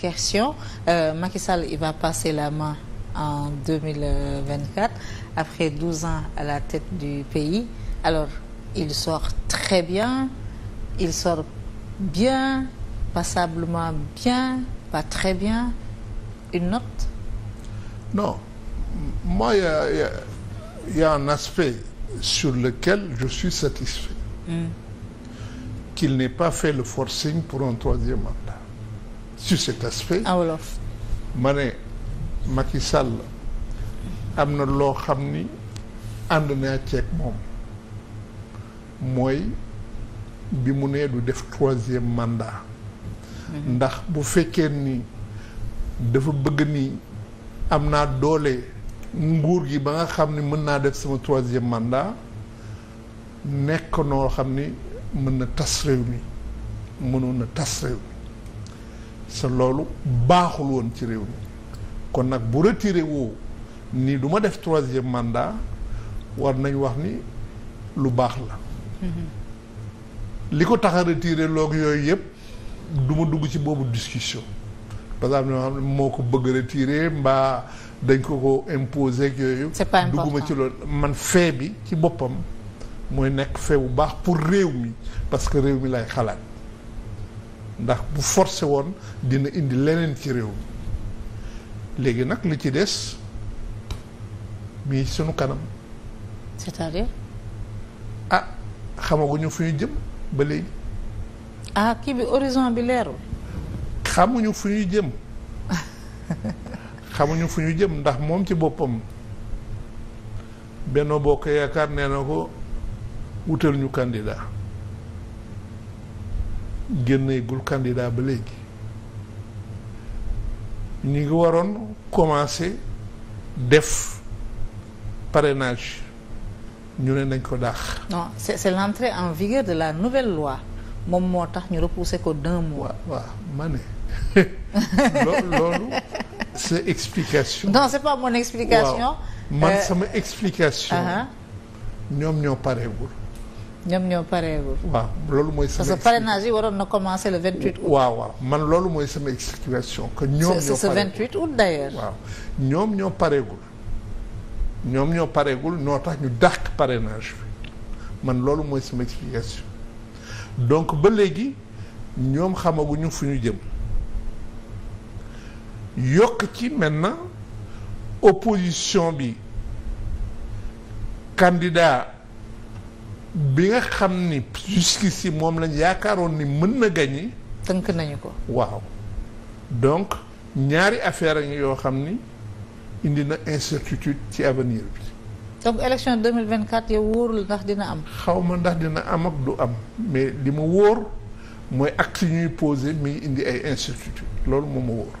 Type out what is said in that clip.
question euh, Macky Sall il va passer la main en 2024 après 12 ans à la tête du pays alors il sort très bien il sort bien passablement bien pas très bien une note non moi il y un aspect sur lequel je suis satisfait hmm. qu'il n'ait pas fait le forcing pour un troisième mandat sur cet aspect. en ah, ma ne Macky Sall am na loo xam ni ànd naa ceeg moom mooy bi mu nee du def troisième mandat. Mhm. ndax bu fekkee ni dafa bëgg ni am naa doole nguur gi ba nga xam ni mën naa def sama troisième mandat nekk noo xam ni mën na tas réew mi mënoon na tas réew mi. sa loolu baaxul woon ci réew mi kon nag bu retiré woo nii duma def troisième mandat war nañ wax ni lu baax la li ko tax retire look yooyu yëpp duma dugg ci boobu discussion par exemple moo ko bëgg retiré mbaa dañ ko ko imposer ak yooyu dugguma ci loolu man fee bi ci boppam mooy nekk fee bu baax pour réew mi parce que réew mi lay xalaat ndax bu forcé woon dina indi leneen ci réew mi léegi nag li ci des mii sunu kanam. c'est-à-dire. ah xamaguñu fu ñu jëm ba léegi. ah kii bi horizon bi leerul. xamuñu fu ñu jëm. xamuñu fu ñu jëm ndax moom ci boppam Benno Bokk Yaakaar nee na ko wutal ñu candidat. génneegul candidat ba léegi ñu ngi waroon commencer def parrainage ñu ne nañ ko daax. non c'est c'est l'entrée en vigueur de la nouvelle loi moom moo tax ñu repousser ko d'un mois. waaw ma ne loolu sa explication. non c'est pas mon explication. waaw man euh, sama explication. Uh-huh. ñoom ñoo parewul ñoom ñoo pareegul. waaw loolu mooy. sama parce yi waroon na commencer le 28 août. waaw waaw man loolu mooy sama explication. que ñoom ñoo pareegul c'est ce ñoom ñoo pareegul ñoom ñoo pareegul noo tax ñu dàq parrainage bi man loolu mooy sama explication donc ba léegi ñoom xamaguñu fu ñu jëm yokk ci maintenant opposition bi candidat. bi nga xam ni si moom lañ yaakaaroon ni mën na gañi tënk nañu ko waaw donc ñaari affaire yi yoo xam ni indi na incertitude ci avenir bi donc élection 2024 yow wóorul ndax dina am xaw ma ndax dina am ak du am mais li ma wóor mooy acte ñuy posé mi ngi indi ay incertitude loolu moom ma wóor